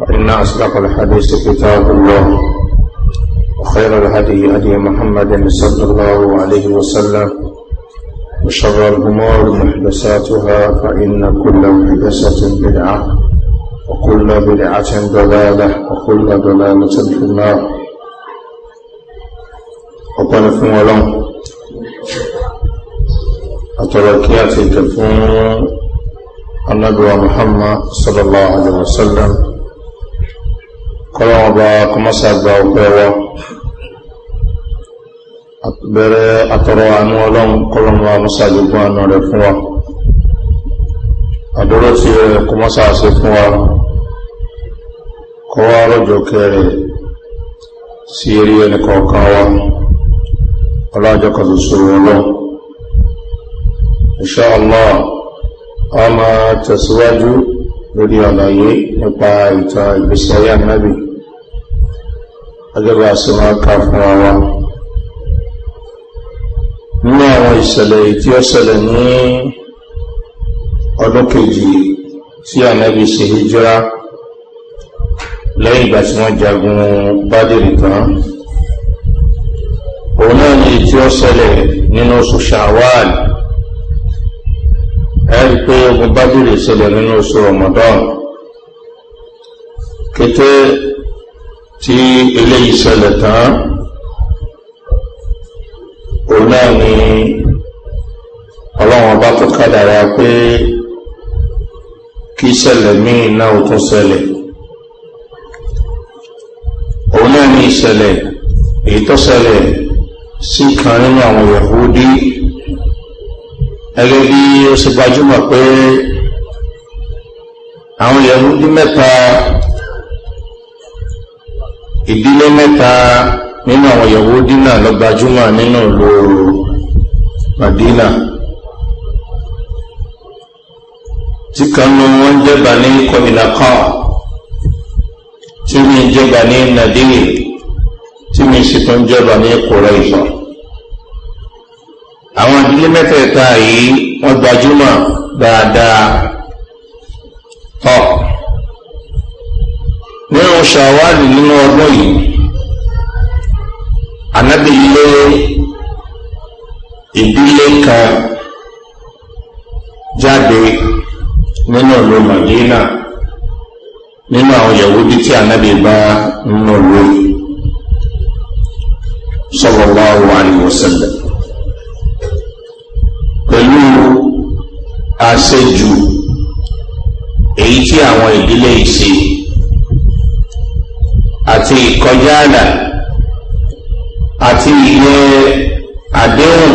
فإن أصدق الحديث كتاب الله وخير الهدي هدي محمد صلى الله عليه وسلم وشر الأمور محدثاتها فإن كل محدثة بدعة وكل بدعة ضلالة وكل ضلالة في النار وقال في ولون أتركياتي تلفون النبي محمد صلى الله عليه وسلم kọ́lọ́wọ́n bá kọmọ́sà gba ọpẹ́ wa bẹ̀rẹ̀ àtọ̀rọ̀ àánú ọlọ́run kọ́lọ́wọ́n bá mọ́sà gbogbo àánú rẹ̀ fún wa àdúró tí rẹ̀ kọmọ́sà ṣe fún wa kọ́ wa rọ́jò kẹrẹ̀ sí eré ẹnì kọ̀ọ̀kan wa ọlọ́jọ́ kan ṣoṣo ọlọ́run inṣáàlá a máa tẹ̀síwájú lórí ọ̀làyé nípa ìtàn ìgbésí ayé ànábì agẹ́bà sí máa ká fún wa nínú àwọn ìṣẹ̀lẹ̀ tí ó ṣẹlẹ̀ ní ọdún kejì tí ànábì ṣe hijira lẹ́yìn ìgbà tí wọ́n jagun bádìrì tán òun náà ni tí ó ṣẹlẹ̀ nínú oṣù ṣàwáàlì ẹ̀rí pé ogun bájúlè ṣẹlẹ̀ nínú oṣù ramadan kété tí eléyìí ṣẹlẹ̀ tán òun náà ni ọlọ́run bá tó kádàrá pé kí ṣẹlẹ̀ míì náà ó tún ṣẹlẹ̀ òun náà ni ìṣẹ̀lẹ̀ èyí tó ṣẹlẹ̀ sí kan nínú àwọn yahudi ẹgbẹ́ bí ó sì gbajúmọ̀ pé àwọn yẹ̀húdí mẹ́ta ìdílé mẹ́ta nínú àwọn yẹ̀húdí náà lọ gbajúmọ̀ nínú ìlú madina tí kanú wọn jẹba ní kọmìnàkọ́ tí mi jẹba ní nàdíyè tí mi sì tún jẹba ní kòrò ìfọ̀n àwọn ìdílé mẹ́tẹ̀ẹ̀ta yìí wọ́n gbajúmọ̀ dáadáa tọ́ nínú ṣàwárì nínú ọdún yìí anábì ilé ìdílé kan jáde nínú ìlú màdínà nínú àwọn yahudi tí anábì bá nínú ìlú sọlọ́lá wa ni mo sẹlẹ̀. àṣejù èyí tí àwọn ìdílé ìṣe àti ìkọjá àlà àti ìyẹ àdéhùn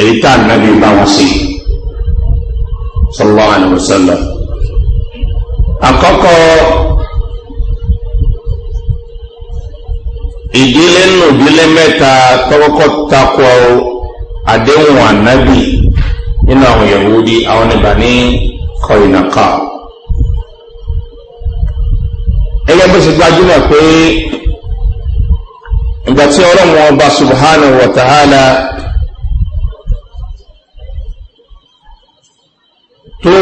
èyí tá ànábì bá wọn sí sọlọ àlùmọsọlọ àkọkọ ìdílé nù ìdílé mẹta tọkọkọ takọ àdéhùn ànábì nínú àwọn yahudi àwọn nígbà ní kọ̀ìnàkà gẹ́gẹ́ bó ṣe gbajúmọ̀ pé ìgbà tí ọlọ́run ọba subhanahu wa ta'ala tó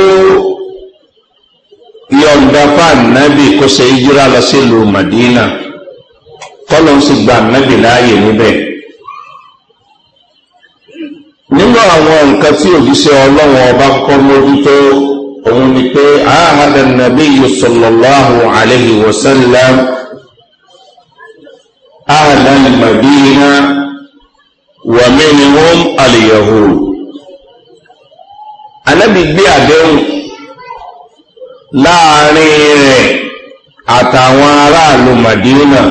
yọ̀ǹda fáànàbì kó ṣe ìjírà lọ sílùú madina kọ́lọ́n sì gba ànábì láàyè níbẹ̀ àwọn nǹkan tí òjíṣẹ́ ọlọ́run ọba kọ́ mójútó òun ni pé ahada nabiyu sallallahu alayhi wa sallam ahada madina wa minhum aliyahud anabi gbé àdéhùn láàrin rẹ̀ àtàwọn aráàlú madina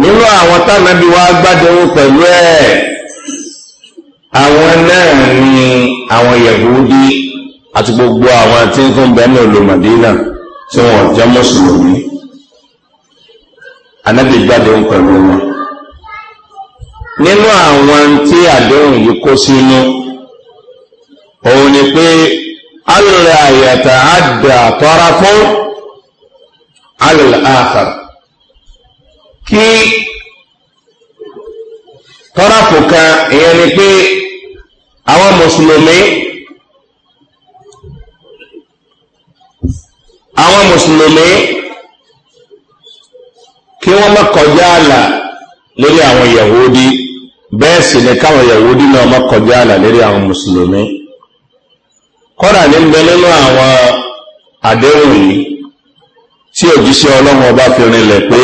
nínú àwọn tánàbí wa gbádùn pẹ̀lú ẹ̀ àwọn náà ni àwọn yahudi àti gbogbo àwọn tí ń fún bẹ́ẹ̀ náà lò màdínà tí wọ́n jẹ́ mùsùlùmí anábì jáde ń pẹ̀lú wọn nínú àwọn tí àdéhùn yìí kó sínú òun ni pé alẹ́ àyàtà àdà tọ́ra fún alẹ́ àfàr kí tọ́ra kò kan ìyẹn ni pé àwọn mùsùlùmí àwọn mùsùlùmí kí wọ́n má kọjá àlà lórí àwọn yahudi bẹ́ẹ̀ sì ni káwọn yahudi náà má kọjá àlà lórí àwọn mùsùlùmí kọ́dà ní bẹ nínú àwọn àdéhùn yìí tí òjíṣẹ́ ọlọ́run ọba fi rinlẹ̀ pé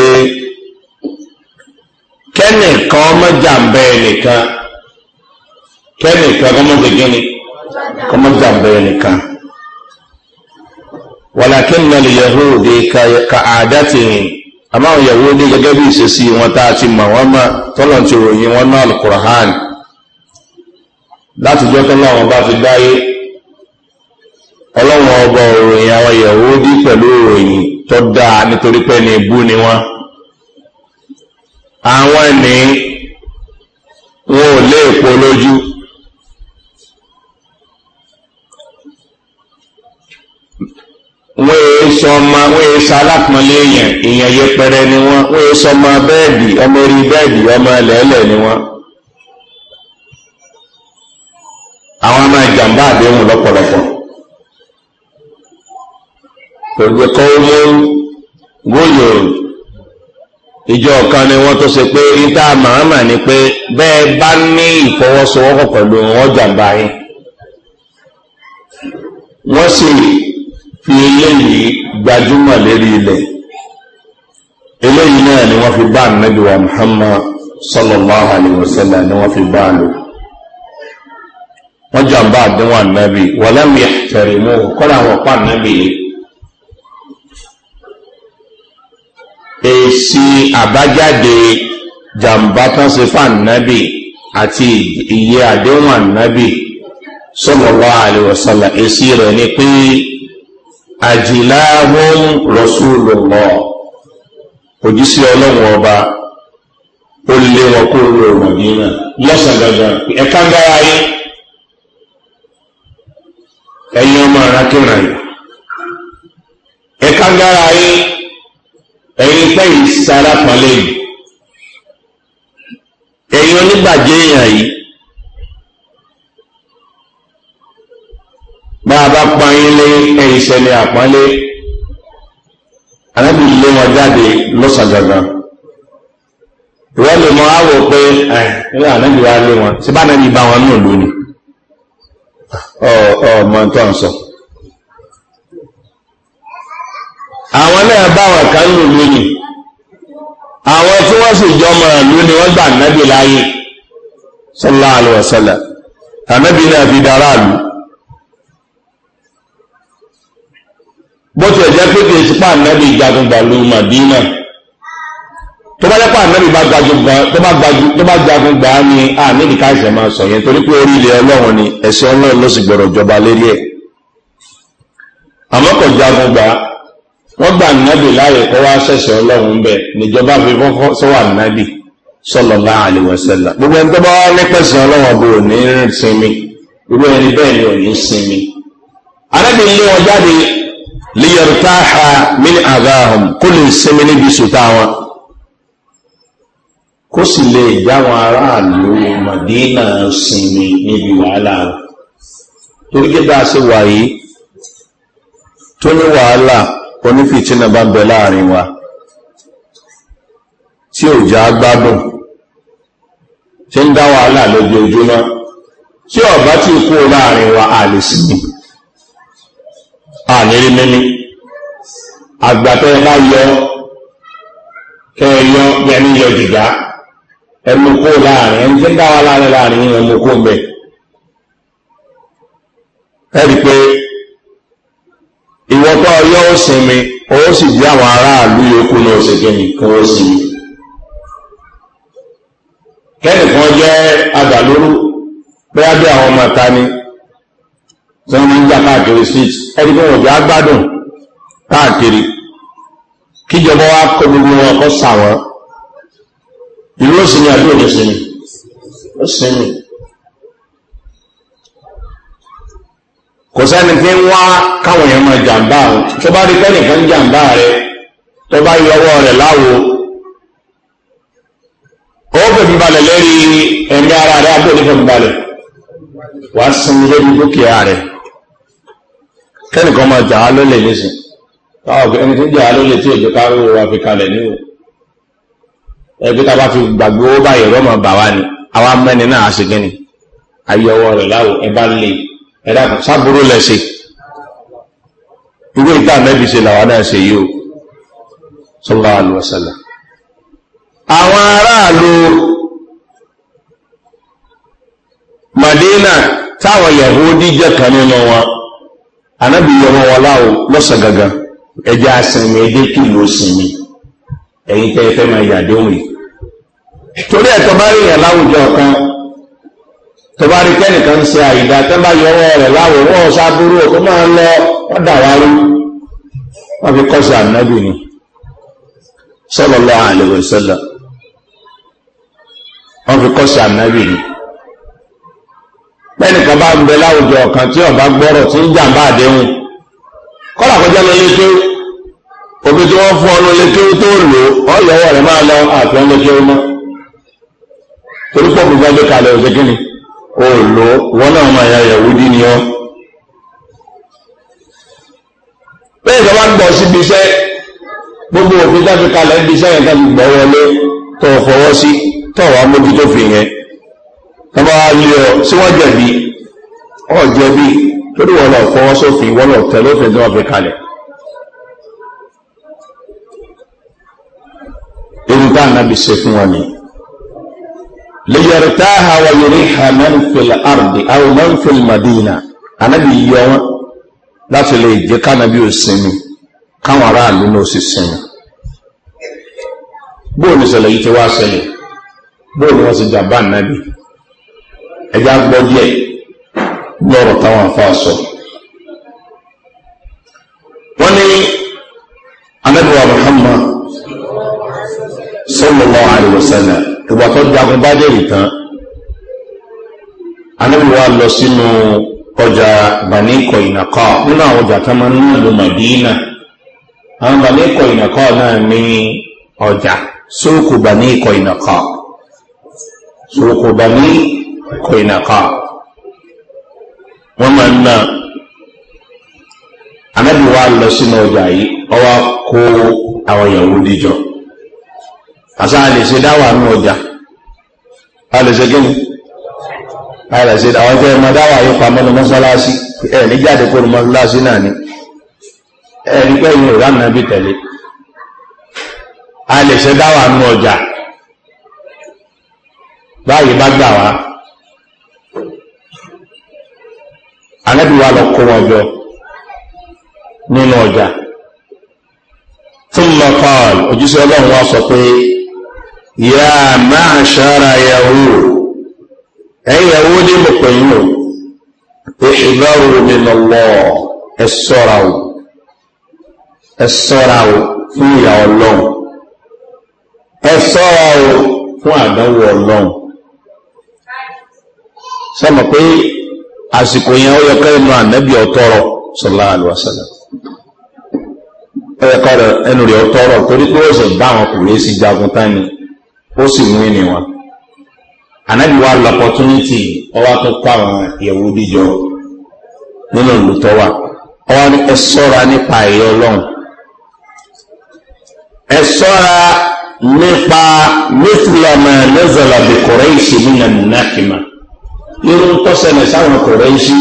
kẹ́nìkan mọ́jà ń bẹ kẹ́ni kan kọ́mọ́ ṣe gíní kọ́mọ́ jàǹbẹ́ nìkan. wàlàkín náà lè yẹ̀hó de ka àdá ti rìn àmọ́ àwọn yẹ̀hó de gẹ́gẹ́ bí ìṣesí wọn tá a ti mọ̀ wọ́n mọ̀ tọ́lọ̀ ti ròyìn wọn náà alukur'an láti jọ́ tó náà wọn bá fi dáyé ọlọ́wọ́n ọba òròyìn àwọn yẹ̀hó dí pẹ̀lú òròyìn tó dáa nítorí pé ní ibú ni wọ́n àwọn ẹni wọn ò lé èpo lójú wọ́n èé sọ ọmọ wọ́n èé sọ alápọ̀nlé èèyàn èèyàn yẹpẹrẹ ni wọ́n wọ́n èé sọ ọmọ bẹ́ẹ̀dì ọmọ orí bẹ́ẹ̀dì ọmọ ẹlẹ́ẹ̀lẹ̀ ni wọ́n. àwọn máa jàǹbá àdéhùn lọ́pọ̀lọpọ̀ pẹ̀lú kọ́wọ́mú gúlù ìjọ kan ni wọ́n tó ṣe pé níta màámà ni pé bẹ́ẹ̀ bá ní ìfọwọ́sowọ́pọ̀ pẹ̀lú wọn jàǹbá yín wọ́n sì rí fi eléyìí gbajúmọ̀ lérí ilẹ̀ eléyìí náà ni wọ́n fi bá ànábì wa muhammad sallallahu alayhi wa sallam ni wọ́n fi bá a lò wọ́n jàǹbá àdéhùn ànábì wọ́lẹ́mì ẹ̀tẹ̀rẹ̀ mú kọ́lá àwọn ọ̀pá ànábì yìí èsì àbájáde jàǹbá tán ṣe fún ànábì àti iye àdéhùn ànábì sallallahu alayhi wa sallam èsì rẹ̀ ni pé àjìláwọ́n Rasulullah òjísí ọlọ́run ọba ó lé wọn kó ló rọ̀ nínú lọ́sàn dandan ẹ̀ka gára yé ẹ̀yin ọmọ ara kíra yìí ẹ̀ka gára yé ẹ̀yin fẹ́yìn sára pọ̀lẹ́yìn ẹ̀yin onígbàjẹ́ èèyàn yìí. bá a bá pọn yín lé ẹ̀yìn ṣẹlẹ̀ àpọ́nlé àrẹ́bì lé wọn jáde lọ́sàgbàgbà ìwọ́n lè mọ àwò pé ẹ̀ nílẹ̀ àrẹ́bì wá lé wọn ṣe bá nàbí bá wọn náà lónìí ọmọ tó ń sọ àwọn náà bá wọn kan lò lónìí àwọn tí wọ́n sì jọmọ ìlú ni wọ́n gbà nábì láyé sọ́lá àlùwọ̀sọ́lá ànábì náà fi dára bó ti ẹ̀jẹ̀ pé kì í sípà nẹ́bí jagun gbàlú màdínà tó bá yẹpà nẹ́bí bá jagun gbà á ní àníbi káìsẹ̀ máa sọ yẹn torí pé orí ilẹ̀ ọlọ́run ni ẹ̀sìn ọlọ́run ló sì gbọ̀rọ̀ jọba lérí ẹ̀ àmọ́ kò jagun gbà á wọ́n gbà nẹ́bí láàyè kó wá sẹ̀sẹ̀ ọlọ́run bẹ̀ níjọba fi fọ́fọ́ sọ́wà nẹ́bí sọ́lọ́lá àlèwọ̀sẹ́lá gbogbo liyartaha min adahum kó lè sinmi níbi sùtá wọn kó sì lè jáwọn aráàlú mọ̀dínà sinmi níbi wàhálà torí gẹ́gẹ́ àṣẹ wàyí tó ní wàhálà onífìtínà bá ń bẹ láàrin wa tí ò já gbádùn tí ń dá wàhálà lójoojúmọ́ tí ọ̀bá tí kú láàrin wa àlè sinmi àníri mímí àgbàtọ́ ẹ bá yọ kẹ ẹ yọ yẹni yọ jìgá ẹnu kó láàrin ẹni tí ń dá wa láàrin láàrin yìí ẹnu kó mbẹ ẹ pé ìwọ tó ó sinmi ó sì bí àwọn aráàlú yòókù náà ó sì kẹ́yìn kí wọ́n sinmi kẹ́nìkan jẹ́ adàlórú bóyá bí àwọn ọmọ ta ni tí wọ́n máa ń jà káàkiri street ẹni pé wọ́n jẹ́ agbádùn káàkiri kíjọba wa kọ gbogbo wọn kọ sà wọn ìlú òsìnì àbí òdòsìnì òsìnì kò sẹ́ni tí ń wá káwọn èèyàn máa jàǹbá rẹ̀ tó bá rí pẹ́nìkan ń jàǹbá rẹ̀ tó bá yọ ọwọ́ rẹ̀ láwo ó fẹ̀mí balẹ̀ lẹ́rí ẹ̀mí ara rẹ̀ àbí òní fẹ̀mí balẹ̀ wàá sinmi lórí dúkìá rẹ̀ kẹ́nìkan máa jà á lólè nísìn táwọn ẹni tí jà á lólè tí èdè ká wa fi kalẹ̀ ní o ẹbí tá a bá fi gbàgbé owó báyìí ọ̀rọ̀ máa bà wá ni àwa mẹ́ni náà á sì gẹ́ni ayọwọ́ rẹ̀ láwò ẹ bá lè ẹ dákun sábúrú lẹ́sẹ̀ irú ìta mẹ́bí ṣe làwọn náà ṣe yìí o sọlá àlùwàsálà àwọn aráàlú madina táwọn yahudi jẹ́ kan nínú wọn. anábì yọrọ wọn láwọ gaga eji ẹjẹ́ asinmi eji kí ló sinmi ẹ̀yin tẹ́ máa yàdé òun torí ẹ̀ bá rí yàn láwùjọ kan tọ́ bá rí kẹ́nìkan ń ṣe àyídá tẹ́ bá yọrọ rẹ̀ láwọ wọn ọ̀sá burú ẹ̀ kó lọ wọ́n dà wá rú pẹ́nìkan bá ń bẹ láwùjọ kan tí ọba gbọ́rọ̀ tí ń jàǹbá àdéhùn kọ́lá kọjá lọ létí omi tí wọ́n fún ọ lọ tó lò ó ọ̀yọ́wọ́ rẹ̀ máa lọ àti ọ́n mọ́ torí pọ̀ gbogbo ẹgbẹ́ kalẹ̀ òṣè ó lò ó náà máa ya ìyàwó dí ni ọ́. gbọ́ síbi iṣẹ́ gbogbo òfin fi kalẹ̀ iṣẹ́ yẹn tọ́ba lé ọ síwájú ẹ̀bí torí wọn náà fọwọ́ sófin wọn náà tẹ̀lé tí wọ́n fi kalẹ̀. irú tá ànábi ṣe fún wọn ni. lèyẹ̀rẹ̀tà àwọn yorì hàmẹ́ńfìlì àrùdì àwọn mẹ́ńfìlì màdínà ànábi yọ láti lè jẹ́ kánábi ò káwọn aráàlú náà sì sinmi. bóòlù ìṣẹ̀lẹ̀ yìí ti wá sẹ́yìn bóòlù wọn ẹja gbọ́ díẹ̀ lọ́rọ̀ táwọn afáà sọ. wọ́n ní anábìwá muhammad sọ́lọ́lọ́ àìwòsànà ìgbà tó jagun bá dé ìtàn anábìwá lọ sínú ọjà baníkọ ìnàkọ nínú àwọn ọjà tó máa ń ná lu màdínà àwọn baníkọ ìnàkọ náà ní ọjà sóòkù baníkọ ìnàkọ sóòkù baníkọ. kóyìnàkọ wọn máa ń ná wa lọ sínú ọjà yìí ọwọ́ kó àwọn ìyàwó díjọ àṣà lè ṣe dáwà nù ọjà a lè ṣe àwọn dáwà yóò pa mọ́sálásí ẹ̀ kó mọ́sálásí ni ẹ̀ yìí nàbí tẹ̀lé a dáwà ọjà báyìí bá gbà wá. ànábì wa lọ kó wọn jọ nínú ọjà thumma qal ojúṣe ọlọ́run wa sọ pé ya ma'ashara yahud ẹ̀yin yahud ní mo pè yín o ìṣìbáwò min Allah ẹ sọ́ra o ẹ sọ́ra o fún ìyà ọlọ́run ẹ sọ́ra o fún àdánwò ọlọ́run sọ ma pé àsìkò yẹn ó yẹ ká ẹnu ànábì ọtọrọ sọlá àlùwàsálà ó yẹ ká ẹnu rẹ ọtọrọ torí pé ó sì bá àwọn kùrẹ́ sí jagun tání ó sì mú ẹni wọn ànábì wa lọ opportunity tó kọ́ àwọn ìyẹ̀wò díjọ nínú olùtọ́ wa ọwọ́ ẹ sọ́ra nípa ẹ̀yẹ ọlọ́run ẹ sọ́ra nípa mẹ́tìlọ́mọ lẹ́zọ̀lọ́bì kùrẹ́ ìṣèlú nàmúnákìmá nínú tọ́sẹ̀lẹ̀ sáwọn kọ̀rẹ́ sí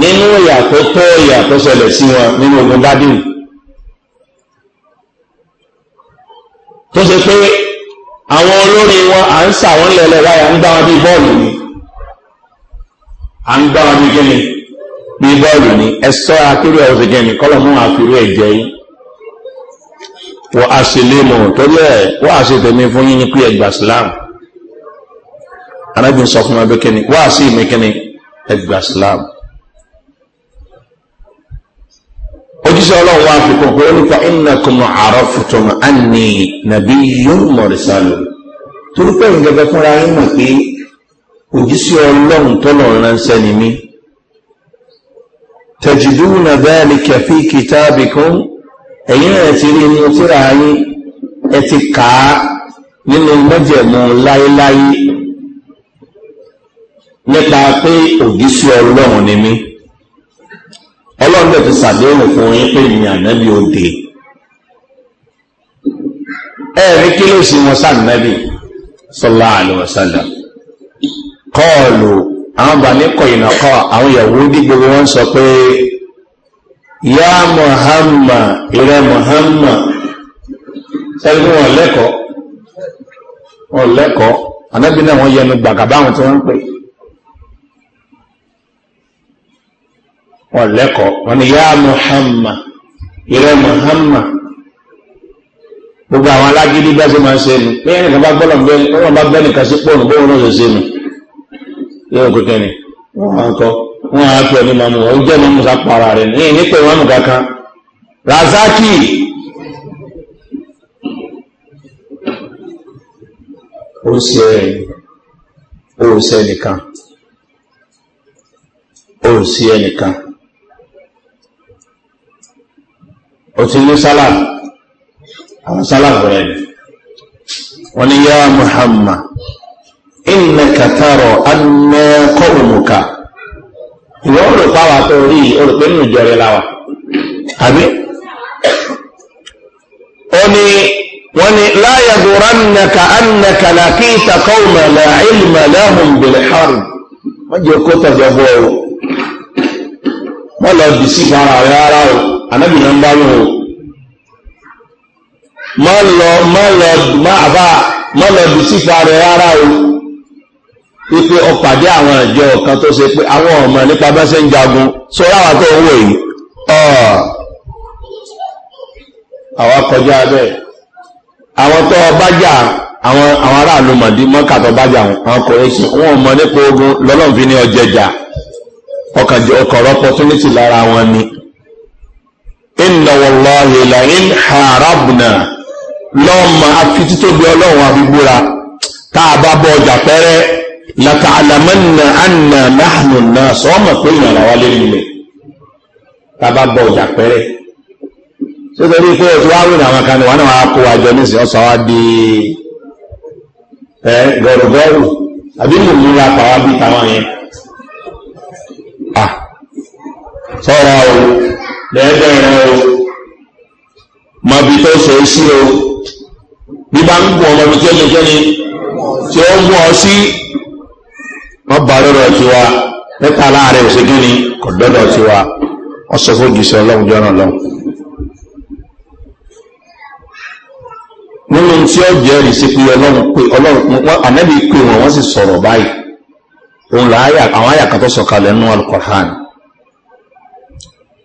nínú ìyà tó tọ́ ìyà tọ́sẹ̀lẹ̀ sí wọn nínú ogun bádìrì tó ṣe pé àwọn olórí wọn à ń sà wọn lẹ̀lẹ̀ wáyà ń gbá wọn bí bọ́ọ̀lù ni à ń gbá wọn bí kíni bí bọ́ọ̀lù ni ẹ sọ akérò ẹ̀ òṣèjẹ ni kọ́lọ̀ mú àfirú ẹ̀ jẹ yìí wọ́n a sì lè mọ̀ torí ẹ̀ wọ́n a sì tẹ̀mí fún yín ní pé ẹgbà sílámù anábì ń sọ fún ẹgbẹ́ kíni wá sí ìmí kíni ẹgbà islam ojúṣe ọlọ́run wá fi kún pé onípa iná kùnà àárọ̀ fùtùmù àní nàbí yóò mọ̀rìsálò torí pé ìgbẹ́gbẹ́ fúnra yín mọ̀ pé ojúṣe ọlọ́run tọ́lọ̀ ránṣẹ́ ni mí tẹ̀jìdúnà bẹ́ẹ̀lì kẹfí kìtàbì kún ẹ̀yìn ẹ̀ ti rí inú tíra yín ẹ ti nínú mọ́jẹ̀mú láéláé nípa pé òjísé ọlọ́run ni mí ọlọ́run lè fi sàdéhùn fún yín pé ìyìn ànábì òde ẹ̀rí kí ló sì wọn sànábì sọlá àlùwàsálà kọ́ọ̀lù àwọn bàní kọ̀yìnà kọ́ àwọn ìyàwó dí gbogbo wọn sọ pé yá muhammad ìrẹ muhammad sẹ́yìn wọn lẹ́kọ̀ọ́ wọn lẹ́kọ̀ọ́ ànábì náà wọ́n yẹnu gbàgà báwọn tí wọ́n ń pè wọn lẹ́kọ̀ọ́ wọn ni yá Muhammad ìrẹ́ Muhammad gbogbo àwọn alágídí bá ṣe máa ń ṣe nu pé ẹnìkan bá gbọ́dọ̀ bẹ́ẹ̀ wọ́n bá bẹ́ẹ̀ nìkan sí pọ́ọ̀nù bóun náà ṣe ṣe nu yóò kó kẹ́ni wọ́n á kọ́ wọ́n á fi ẹni máa mú wọn jẹ́ mímú sápò ara rẹ̀ ní ìnípe wọn nù kankan Razaki ó ṣe ó ṣe nìkan ó ṣe nìkan. ó ti ní sálàf àwọn sálàf rẹ̀ wọ́n ni yá muhammad inna kataro anna kọ́ọ̀mùka ìwọ olùpáwà tó rí olùpẹ́ nínú ìjọ rẹ̀ láwà àbí ó ní wọ́n ni láyà dùránàkà annaka làkìtà kọ́ọ̀mà làílmà láhùn bìlhárùn wọ́n jẹ́ kó tọ́jọ́ bọ́ wọ́n lọ bìsí fara rẹ̀ ara o ànábì náà ń bá wọn o má lọ má lọ má àbá má lọ dùn sífà rẹ rárá o wípé ọpàdé àwọn àjọ kan tó ṣe pé àwọn ọmọ nípa bá ṣe ń jagun sọ láwa tó ń wò yìí ọ àwa kọjá bẹ́ẹ̀ àwọn tó ọba jà àwọn àwọn aráàlú mọ̀dí mọ́kà tó bá jà àwọn kòrèṣì wọn mọ nípa ogun lọ́lọ́mfin ní ọjẹjà ọkàn ọkọ̀ opportunity lára wọn ni inna wallahi la in harabna lọ́mọ afitítóbi ọlọ́run àbíbúra tá a bá bọ́ ọjà pẹ́rẹ́ látàlámánà àna láhàánù náà sọ́mọ pé ìyàrá wa lé nílẹ̀ tá a bá bọ́ ọjà pẹ́rẹ́ sítorí pé ètò àrùn àwọn kan wọn náà kó àjọ nísìnyí ọ̀sán di ẹ gọ̀rọ̀gọ̀rù àbí mò ń múra pàwọn bíi táwọn yẹn. Ah, sọ́ra o lẹ́ẹ̀bẹ̀rẹ̀ o mọ̀bí tó ṣe é sí o bí bá ń gùn ọmọbi tí ó ṣe kẹ́ni tí ó ń gùn ọ sí wọ́n bá lọ́dọ̀ tí wa nípa láàárẹ̀ òṣè kẹ́ni kò lọ́dọ̀ tí wa wọ́n sọ fún jùsọ ọlọ́run jọ́nà lọ́wọ́. nínú tí ó jẹ́rìí sí pé ọlọ́run pé ọlọ́run ànábì pé wọ́n wọ́n sì sọ̀rọ̀ báyìí òun làwọn àyà sọ̀kalẹ̀ nínú alukọ̀hánì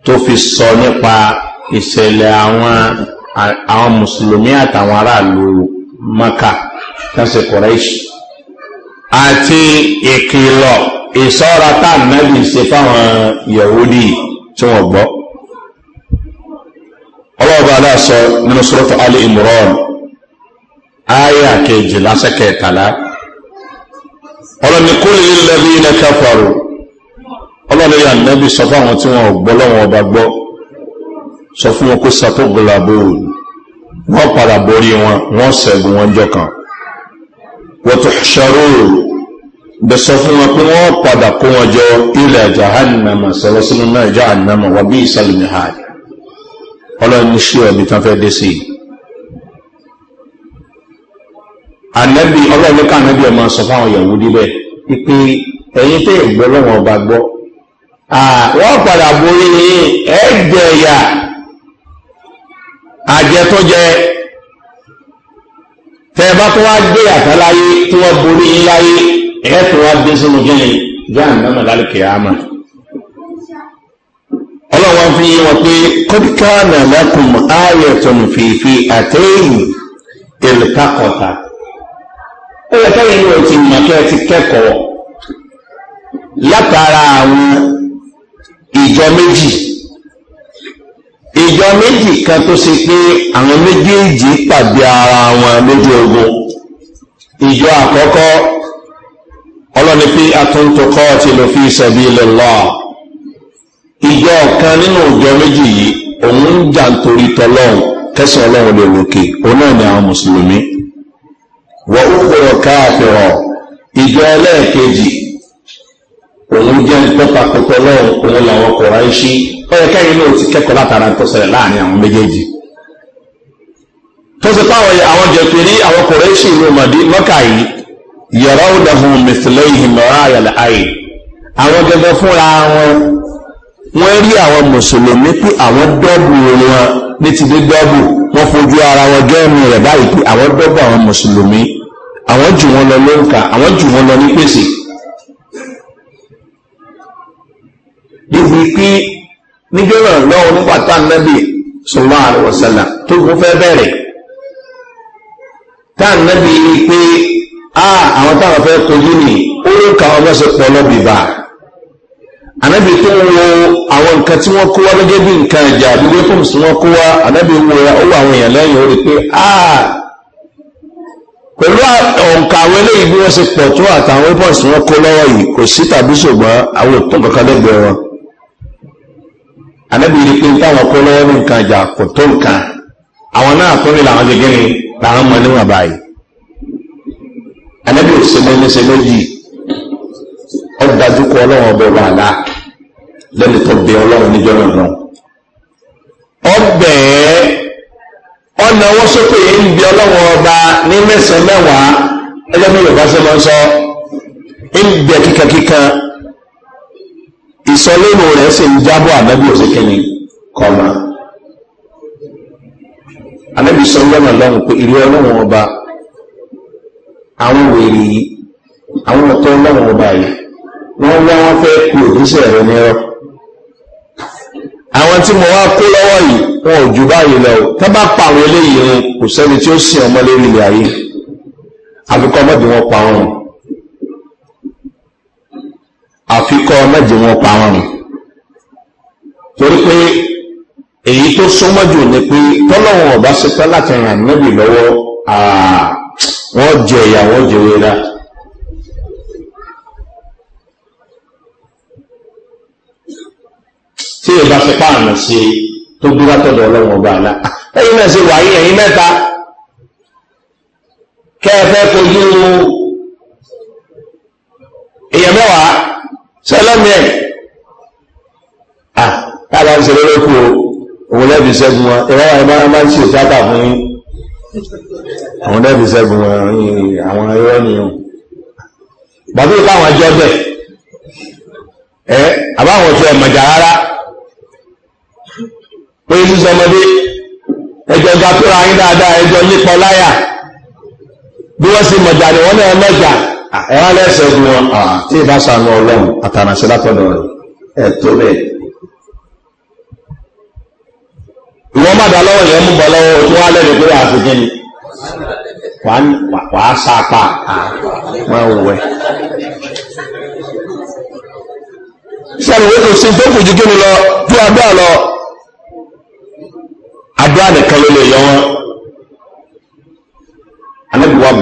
tó fi sọ nípa ìṣẹ̀lẹ̀ àwọn mùsùlùmí àtàwọn aráàlú maka tẹ́sí kọ̀rẹ́ṣì àti ìkìlọ̀ ìṣọ́ra tá nẹ́bí ṣe fáwọn yahudi tí wọ́n gbọ́ ọlọ́ọ̀bá aláṣọ nínú sọ́rọ́tọ̀ alẹ́ ìmúrọ́ọ̀nù áyà kejì lásẹ̀kẹ̀ẹ́tàlá ọlọ́ni kúrò nílẹ̀ bí ilẹ̀ kẹfọ́rù ọlọ́lẹ́yà nẹ́bí sọ fáwọn tí wọ́n gbọ́ lọ́wọ́ ọba gbọ́ sọ fún wọn kó sàtó gbọ́làbò wọ́n padà borí wọn wọ́n sẹ́gun wọn jọ kan wọ́n tó ṣàrò bẹ sọ fún wọn pé wọ́n padà kó wọn jọ ilẹ̀ jahannama sọ̀rọ̀ sínú náà jahannama wà bí ìsàlùmí ha ọlọ́run ṣí ọ̀bí tán fẹ́ dé sí i ànẹ́bí ọlọ́run ká ànẹ́bí ọmọ sọ fáwọn yahoo díbẹ̀ pípé ẹ̀yin tẹ́ ìgbọ́ lọ́wọ́ ọba gbọ́ wọ́n padà borí ní ẹgbẹ̀ ẹ̀yà àjẹtọ́jẹ tẹ́ bá tó wá gbé àtà láyé tí wọ́n borí yín láyé ẹ̀ẹ́tọ́ wá gbé sínú kí ni jáà náà lálùkẹ́ àmà ọlọ́wọ́ fi yí wọn pé kọ́díkà náà lẹ́kùn ayẹ̀tọ̀nù fèèfé àtẹ́yìn ìlùkàkọ̀ta ó yẹ kẹ́yìn ní òtí mọ̀kẹ́ ti kẹ́kọ̀ọ́ látara àwọn ìjọ méjì ìjọ méjì kan tó ṣe pé àwọn méjèèjì pàdé ara wọn lójú ogun ìjọ àkọ́kọ́ ọlọ́ni pé atúntòkọ́ ti lò fi sabilillah ìjọ kan nínú ìjọ méjì yìí òun ń jà nítorí tọlọ́hun kẹsàn ọlọ́run lè wòkè òun náà ni àwọn mùsùlùmí wọ́n ó kúrò káàkiri ìjọ ẹlẹ́ẹ̀kejì òun jẹ́ nípa kókó lọ́wọ́ òun làwọn kọ̀ọ̀rọ̀ ń ṣí ó yẹ kẹ́yìn náà ti kẹ́kọ̀ọ́ látara tó ṣẹlẹ̀ láàrin àwọn méjèèjì. tó ṣe fáwọn àwọn jẹ̀pẹ̀rí àwọn kọ̀ọ̀rọ̀ ń ṣì ìlú mọ̀dí mọ́kà yìí yọ̀rọ̀ ó dàbùn mẹ̀sìlẹ̀ ìhìnmọ̀ra àyàlẹ̀ ayé àwọn gẹ́gẹ́ fúnra wọn wọ́n rí àwọn mùsùlùmí pé àwọn dọ́bù wọn ní ti dé dọ́bù wọ́n fojú ara wọn gẹ́rù rẹ̀ báyìí pé àwọn dọ́bù àwọn mùsùlùmí àwọn jù wọn lọ lóǹkà àwọn jù wọn lọ ní pèsè débi pé níjọ́ náà lọ́wọ́ nígbà tá a nábì sọ̀rọ̀ àlùwọ̀sálà tó kún fẹ́ bẹ̀rẹ̀ tá a nábì rí i pé àwọn táwọn fẹ́ kojú ni ó ń ka ọmọ sí pọ̀ lọ́bì bá ànábì tó ń wo àwọn nǹkan tí wọ́n kó wá gẹ́gẹ́ bí nǹkan ìjà àdúgbò tó ń sún wọ́n kó wá ànábì ń wo owó àwọn èèyàn lẹ́yìn orí pé pẹ̀lú ọ̀nkà àwọn eléyìí bí wọ́n ṣe pọ̀ tó àtàwọn ìbọn sí wọ́n kó lọ́wọ́ yìí kò sí tàbí ṣùgbọ́n àwọn òtún kankan lẹ́gbẹ̀ẹ́ wọn ànábì rí pé táwọn kó lọ́wọ́ ní nǹkan ìjà kò tó nǹkan àwọn náà tó ní làwọn gẹ́gẹ́ ni làwọn mọ níwọ̀n báyìí ànábì ò ṣe mọ́ni ṣe méjì ó dájú kọ ọlọ́run ọbẹ̀ wà láà lẹ́ni tó bẹ ọlọ́run níjọ́ náà náà ọbẹ̀ ọ̀nà ọwọ́ sókè yìí ń bí ọlọ́run ọba ní mẹ́sàn-án mẹ́wàá ẹgbẹ́ bí yorùbá ṣe sọ ń bẹ kíkankíkan ìsọlẹ́nu rẹ̀ sì ń jábọ̀ ànábì òsèkẹ́ni kọ̀ọ̀mà ànábì sọ lọ́nà lọ́rùn pé ìrí ọlọ́run ọba àwọn wèrè yìí àwọn ọ̀tọ́ ọlọ́run ọba yìí wọ́n wá wọ́n fẹ́ kú òdíṣẹ́ rẹ̀ nírọ̀ àwọn tí mo wá kó lọ́wọ́ yìí wọn ò jù báyìí lọ tá bá pa àwọn eléyìí kò sẹ́ni tí ó sìn ọmọ lérí ilẹ̀ ayé àfikọ́ ọmọdé wọn pa wọn. kọ́ mẹ́jẹ wọn pa wọn rùn torí pé èyí tó súnmọ́ jù ni pé tọ́lọ́wọ̀n ọ̀bá ṣetán láti ràn níbi lọ́wọ́ wọ́n jẹ ìyá wọ́n jẹ wẹ́rà. tí ìbá fi páànù sí tó dúró tọ̀dọ̀ ọlọ́run ọba àlá ah, ẹ̀yin náà ṣe wàyí ẹ̀yin mẹ́ta kẹ́ ẹ fẹ́ kojú èèyàn mẹ́wàá sẹlẹ́mì ẹ̀ à káàbà ń ṣeré lókù o òun lẹ́bi sẹ́gun wọn ìwọ́n wọn máa máa ń ṣe ìfáàkà fún yín àwọn lẹ́bi sẹ́gun wọn àwọn irọ́ nìyàn bàbá ìfá àwọn jẹ́ bẹ́ẹ̀ ẹ àbáwọn tí ẹ mọ̀jà rárá pé sísọmọdé ẹjọ́ ga tó ra yín dáadáa ẹjọ́ nípa láyà bí wọ́n sì mọ̀jà ni wọ́n náà mọ̀jà. Ah, ẹ̀wọ́n lẹ́sẹ̀ẹ́gùn wọn ah, tí ìbá sànú ọlọ́run àtàràṣẹ́ látọ̀dọ̀ rẹ̀ ẹ̀tọ́ bẹ́ẹ̀ ìwọ́n má dá lọ́wọ́ yẹn mú bọ́ lọ́wọ́ tó wá lẹ́nu pé àfikún ni wàá sápa ah, wọn wẹ̀ sọ́nà wo kò sí tó kù jù kí ni lọ tó àdúrà lọ àdúrà nìkan ló lè yọ wọn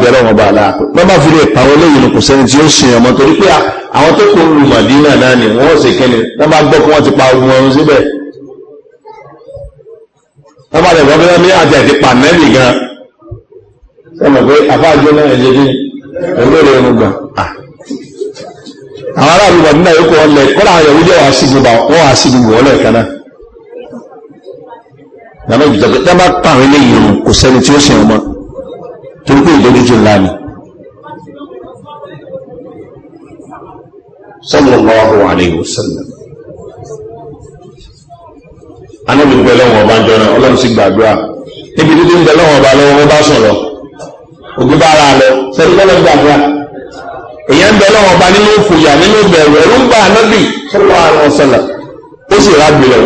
bẹ̀rẹ̀ wọn bá a láàpẹ̀ bọ́n bá fi lè pa àwọn eléyìí ni kò sẹ́ni tí ó sin ọmọ torí pé àwọn tó kó lu màdínà náà ni wọ́n ṣe kẹ́ni wọ́n bá gbọ́ kí wọ́n ti pa ogun ọrùn síbẹ̀ wọ́n bá lè gbọ́ pé wọ́n àti àti pa mẹ́rì gan sọ́mọ̀ pé afáàjọ náà ẹ̀jẹ̀ bí olóòrè ọ̀run gbà àwọn aráàlú màdínà yóò kó wọn lẹ kọ́ra àwọn yòówù jẹ́ wàá sí gbogbo wọn wàá sí gbogbo wọn lẹ́ẹ̀kan náà nàmẹ́jì tẹ́ bá pàrọ̀ eléyìí kò sẹ́ni tí ó sin ọmọ torí pé ìdójútì ńlá ni sallallahu alayhi wa sallam anábì ń pẹ́ lọ́wọ́ ọba ń jọra ọlọ́run sì gbàdúrà níbi títí ń pẹ́ lọ́wọ́ ọba lọ́wọ́ wọn bá sùn lọ òbí bá ara lọ sẹ́yìn lọ́wọ́ gbàdúrà èèyàn ń bẹ lọ́wọ́ ọba nínú fòyà nínú bẹ̀rù ẹ̀rú ń bá anábì sallallahu alayhi wa ó sì rà gbilẹ̀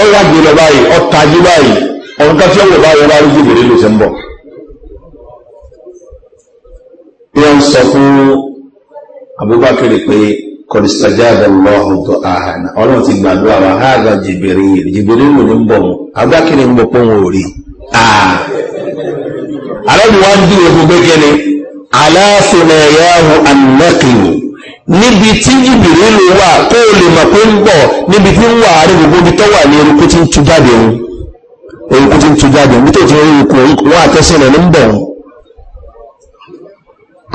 ó rà gbilẹ̀ báyìí ó báyìí ọ̀n kan tí ó wò báyọ̀ bá rí jìbìrì ló ti ń bọ̀ wọ́n ń sọ fún abubakar pé kọ̀dísàjáde lọ́hùn tó àhànà ọlọ́run ti gbàdúrà wà háàgà jìbìrì jìbìrì ló ní ń bọ̀ mu abubakar ń bọ̀ pé òun ò rí aláàbò ah. wa ń dúró fún gbẹ́gẹ́ni aláàfin ẹ̀yáwó anákìwò níbi tí jìbìrì ló wà kó o lè mọ̀ pé ń bọ̀ níbi tí ń wà àárẹ̀ gbogbo eruku ti ń tu jáde bí tó ti rí eruku wọ́n àtẹ́sìn rẹ̀ ló bọ̀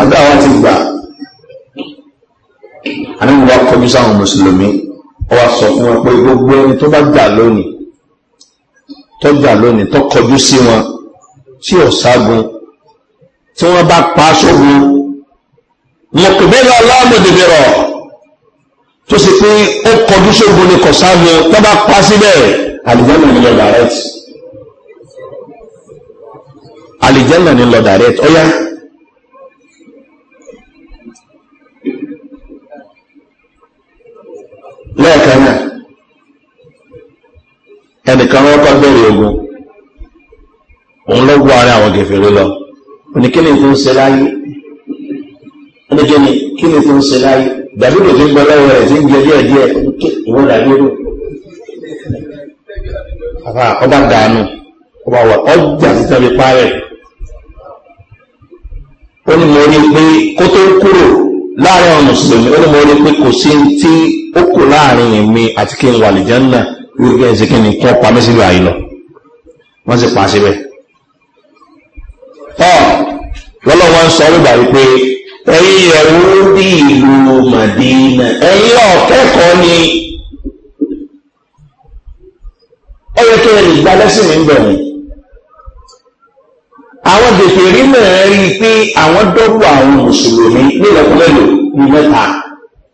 agbára ti gbà àníwò wa kọjú sáwọn mùsùlùmí ó wá sọ fún wọn pé gbogbo ẹni tó bá gbà lónìí tó gbà lónìí tó kọjú sí wọn tí ò ságun tí wọ́n bá pa sógun mọ̀kùnbẹ́lá ọlọ́mọdébẹ̀rọ̀ tó sì pé ó kọjú sógun ni kọ̀ságun tó bá pa síbẹ̀ àdìgbọ́n mi ni yọ dàrẹ́tì àlìjẹ́nà ní lọ direct ọyá lẹ́ẹ̀kan náà ẹnìkan wọn kọ́ bẹ̀rẹ̀ ogun òun ló gbọ́ ara àwọn gẹ̀fẹ̀rẹ̀ lọ òní kí ni tó ń ṣe láyé oníkẹ́ni kí ni tó ń ṣe láyé dàbídò tí ń gbọ́ lọ́wọ́ rẹ̀ tí ń jẹ díẹ̀ díẹ̀ ìwọ́n dàbídò ọba dànù ọba wà ọjà títàbí parẹ́ ó ní mo rí i pé kó tó kúrò láàrin àwọn mùsùlùmí ó ní mo rí pé kò sí tí ó kù láàrin èmi àti kí n wà lìjẹ́ náà wíwí kí n ṣe kí ni kí wọ́n pa mí sílùú àyè lọ wọ́n sì pa á síbẹ̀. tọ́ lọ́lọ́wọ́ ń sọ wíwà wípé ẹ̀yin ẹ̀rú bí ìlú màdínà ẹ̀yin ọ̀kẹ́kọ̀ọ́ ni ó yẹ kí ẹ lè gba lẹ́sìn mi ń bẹ̀rù àwọn dèfèrí náà rí i pé àwọn dọ́rù àwọn mùsùlùmí nílẹ̀kùnlẹ̀lò ní mẹ́ta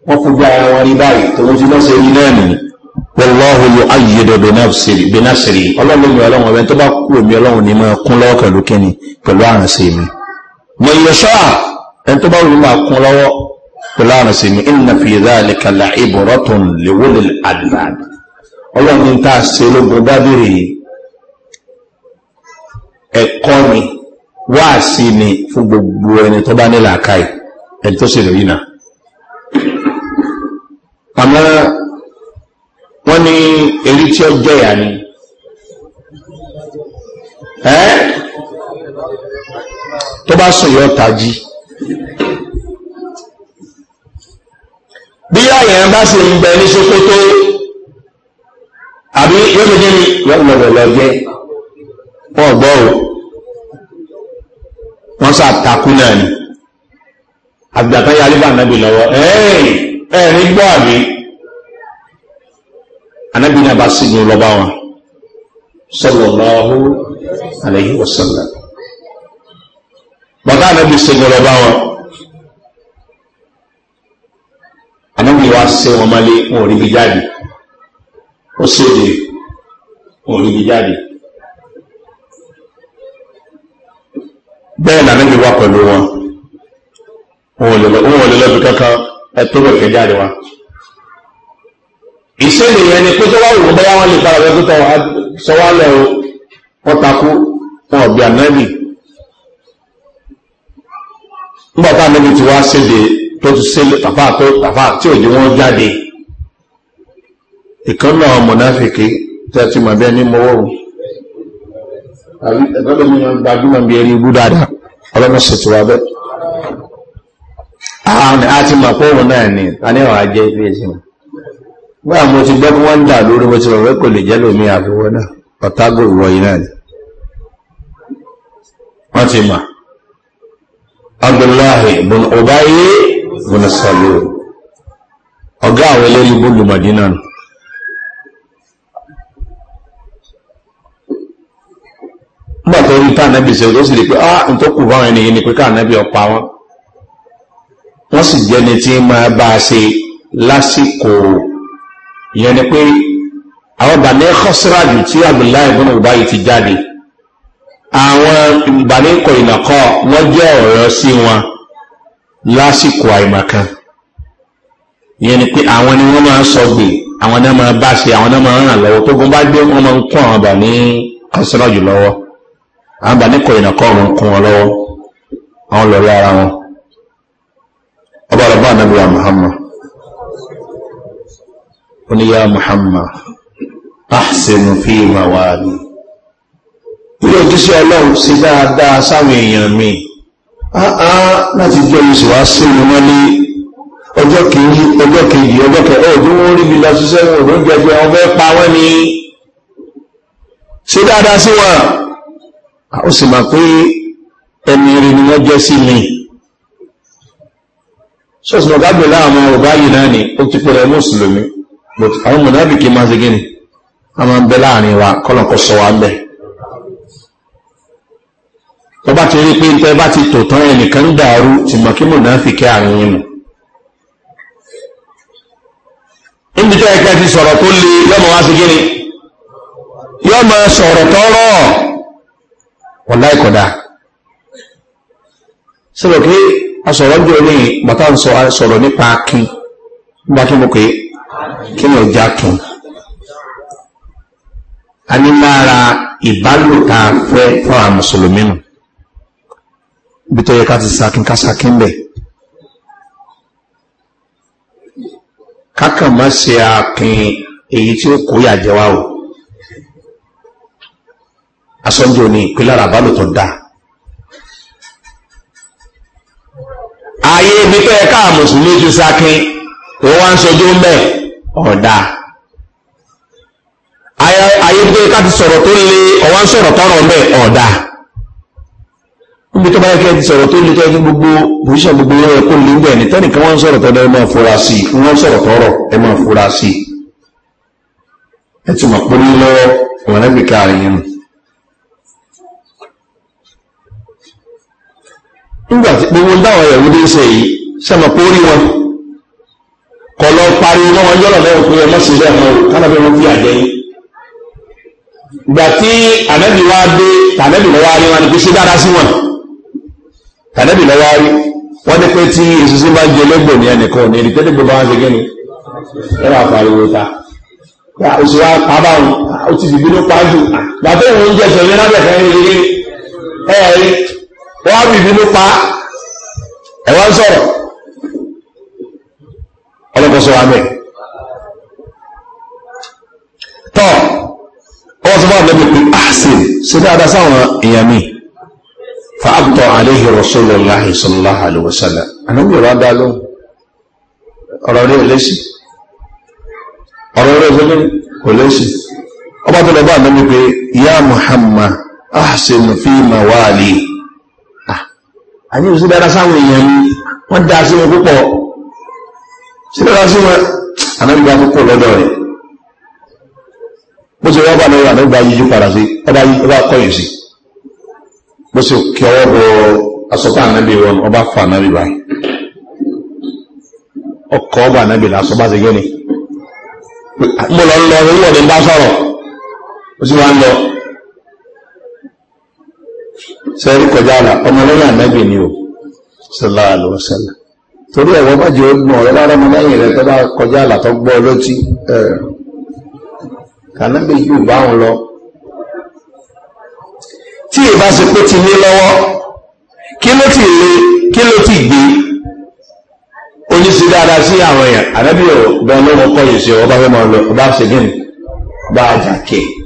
wọ́n fojú ara wọn rí báyìí tó ló ti lọ́sẹ̀ rí náà nìyí wọ́lọ́hù yóò ayédè benasiri ọlọ́run mi ọlọ́run ọbẹ̀ tó bá kú omi ọlọ́run ní máa kún lọ́wọ́ pẹ̀lú kíni pẹ̀lú àrùnsí mi mo yẹ ṣọ́à ẹn tó bá wù mí máa kún lọ́wọ́ pẹ̀lú àrùnsí mi ìnà fi dáàlì kàlà wáàsí ni fún gbogbo ẹni tó bá ní làákàì ẹni tó sì lóyìn náà àmọ́ wọ́n ní èrí tí ó jẹ́ ìyá ni ẹ́ tó bá sùn yọ tají bí àyàn bá sì ń bẹ ní sokoto àbí yóò tó jẹ́ ni yọ lọ̀wọ̀lọ̀ jẹ́ wọ́n gbọ́ o wọ́n sàtakú náà ni àgbàtán yarí bá ànábì lọ́wọ́ ẹ̀ẹ́rìn gbọ́ àbí ànábì náà bá sígun lọ bá wọn sọlọ́lọ́hù àlẹ́yìn wọ̀sánlá bàtà ànábì sígun lọ bá wọn ànábì wa ṣe wọn mọ́lé wọn ò rí bí jáde ó ṣèdè wọn ò rí bí jáde. bẹ́ẹ̀ lànà bí wà pẹ̀lú wọn òun wọlé lọ́bí kankan ẹ̀tọ́ bẹ̀ fẹ́ jáde wa ìṣẹ́lẹ̀ yẹn ni pé tó wá wò bẹ́yà wọn lè fara rẹ̀ tó sọ wá lẹ̀ o wọ́n takú wọn ọ̀bí ànẹ́bì nígbà tá ànẹ́bì ti wá séde tó ti sẹ́lẹ̀ tàfà tó tàfà tí ò jẹ́ wọn jáde ìkànnà mọ̀náfìkì tẹ́tí màbẹ́ ní mọ́wọ́rùn àbí ẹgbẹ́lẹ́ mi máa ń gbajúmọ̀ bí eré ibú dáadáa ọlọ́mọ sì ti wá bẹ́ẹ̀. a ti mọ̀ pé òun náà ni a ní ọ̀rọ̀ ajé ilé ẹ̀sìn mọ̀. báyà mo ti gbọ́ kí wọ́n ń dà lórí mo ti rọ̀ pé kò lè jẹ́ lómi àfiwọ́ náà ọ̀tágò ìwọ yìí náà ni. wọ́n ti mọ̀ abdullahi bin obaye bin salu ọ̀gá àwọn eléyìí bó lùmọ̀dínà nígbà tó rí tànàbì ṣe ó sì rí pé ah n tó kù fáwọn ènìyàn ni pé káànàbì ọ̀pá wọn wọ́n sì jẹ́ni tí máa bá a ṣe lásìkò ìyẹn ni pé àwọn bàní kọ́síràjù tí abdullahi ibùdó bá yìí ti jáde àwọn bàní kọ ìnàkọ́ wọ́n jẹ́ ọ̀rọ̀ sí wọn lásìkò àìmọ̀kan ìyẹn ni pé àwọn ni wọ́n máa ń sọ gbè àwọn náà máa bá ṣe àwọn náà máa ń ràn lọ́wọ́ tó gun bá gbé wọn máa ń kó àwọn bàní kọ́síràjù lọ́wọ́ àbá ní kòrìnà kọrùn kún wọn lọ́wọ́ àwọn lọ́rẹ́ ara wọn ọba rẹ̀ bá nàbíyà muhammad oníyà muhammad ahsinu fi mawali ilé òjíṣẹ́ ọlọ́run sí dáadáa sáwọn èèyàn mi áá láti gbé oṣù wá sí mi wọ́n ọjọ́ kejì ọjọ́ kejì ọjọ́ kẹta ọdún wọn rí mi lọ sí sẹ́wọ̀n òun jẹjẹ ọbẹ̀ pa wọ́n ní ṣe dáadáa sí wọn ó sì máa pé ẹni rí ni wọ́n jẹ́ sí mi ṣọ́sùn ọ̀gágbè láàmú ọba yìí náà ni ó ti pẹ̀lẹ̀ mùsùlùmí but àwọn mọ̀dábìkì máa ṣe gíní a máa ń bẹ láàrin wa kọ́lọ̀kọ́ sọ wa bẹ́ẹ̀ tó bá ti rí pé tẹ́ bá ti tò tán ẹnìkan ń dàrú ti mọ̀ kí mọ̀dábìkì àárín yìí nù níbi tẹ́ ẹ̀ka ti sọ̀rọ̀ tó le yọ́mọ wá ṣe gíní yọ́mọ sọ̀rọ̀ tọ́rọ̀ wọ̀lá ìkọ̀dá sọ́rọ̀ pé asọ̀rọ̀jọ́ ní bàtà ń sọ̀rọ̀ nípa kí nígbà kí mo pé kí ni ọjà tún a ní lára ìbálòta fẹ́ fáwọn mùsùlùmí nù bí tó yẹ ká ti sakin ká sakin bẹ̀ kákan má akin èyí tí ó kó yà o asọ́njẹ́ òní ìpínlára àbálòtọ̀ dá ayé ibi tẹ́ ká mùsùlùmí ju sákin wọ́n wá ń sojú mẹ́ ọ̀dá ayé pé ká ti sọ̀rọ̀ tó le ọ̀wá ń sọ̀rọ̀ tọ́rọ̀ mẹ́ ọ̀dá níbi tó bá yẹ kẹ́ ti sọ̀rọ̀ tó le tẹ́jú gbogbo bùsùn gbogbo yẹn ẹ̀kọ́ lè ń bẹ̀ ní tẹ́nìkan wọ́n ń sọ̀rọ̀ tọ́rọ̀ ẹ máa fura sí i wọ́n ń sọ̀rọ̀ tọ́rọ̀ ẹ máa fura sí i ẹ ti mọ̀ pé nígbà tí gbogbo dáwọn ẹ̀rú dé ṣe yìí sẹ́mọ pé ó rí wọn kọ̀ lọ pariwo mọ́ wọn yọ̀rọ̀ lẹ́yìn pé ẹmọ́ sí lẹ́ẹ̀mọ́ kánàbí wọn fi àjẹ́ yìí ìgbà tí ànẹ́bì wá dé tànẹ́bì lọ́wọ́ rí wọn ni pé ṣe dára sí wọn tànẹ́bì lọ́wọ́ rí wọ́n ní pé tí èsùsù bá jẹ lẹ́gbò ní ẹnìkan ní èdè tẹ́lẹ̀gbò bá wọn ṣe gẹ́ni ẹ̀rọ àpariwo ta wọ́n á bìbí ló pa ẹ̀ wá ń sọ̀rọ̀ ọlọ́kọ̀ sọ wa mẹ́ tọ́ ọwọ́ sọ fún àbẹ́bẹ̀ pé àṣì ah, ṣe dáadáa sáwọn èèyàn mi fàábùtọ̀ àléhì rọ̀ṣọ́lọ́láhì sọ́lọ́láhà lọ́wọ́sálà ànáwó ìrọ̀ dá lóhùn ọ̀rọ̀ rẹ̀ lẹ́sì ọ̀rọ̀ rẹ̀ fẹ́lẹ́ kò ọba tó lọ bá àbẹ́bẹ̀ pé yá muhammad àṣì fi màwáàlì àní òsì dára sáwọn èèyàn ni wọ́n dá sí wọn púpọ̀ sí dára sí wọn ànágbà púpọ̀ lọ́dọ̀ rẹ̀ bó ṣe wọ́n bá lọ́wọ́ ànágbà yíyí padà sí ọba yí ọba kọyìn sí bó ṣe kí ọwọ́ bọ asọ́pá ànábì wọn ọba fa ànábì báyìí ọkọ̀ ọba ànábì lásọ bá ṣe gẹ́ ni mo lọ lọ orílẹ̀-èdè bá sọ̀rọ̀ ó sì wá ń lọ sẹ́rí kọjá àlà ọmọlẹ́yìn ànábì ni o sallallahu alaihi wasallam torí ẹ̀wọ́ bàjẹ́ ó nù ọ̀rẹ́ lára ọmọlẹ́yìn rẹ̀ tó bá kọjá àlà tó gbọ́ lọ́tí kànábì yóò bá wọn lọ tí ìbá ṣe pé ti ní lọ́wọ́ kí ló ti lé kí ló ti gbé oníṣe dáadáa sí àwọn èèyàn ànábì ọ̀gbọ́n lọ́wọ́ kọ́ yìí ṣe ọba fẹ́ mọ́ lọ ọba ṣe gẹ́ni bá a jà kẹ́ẹ̀.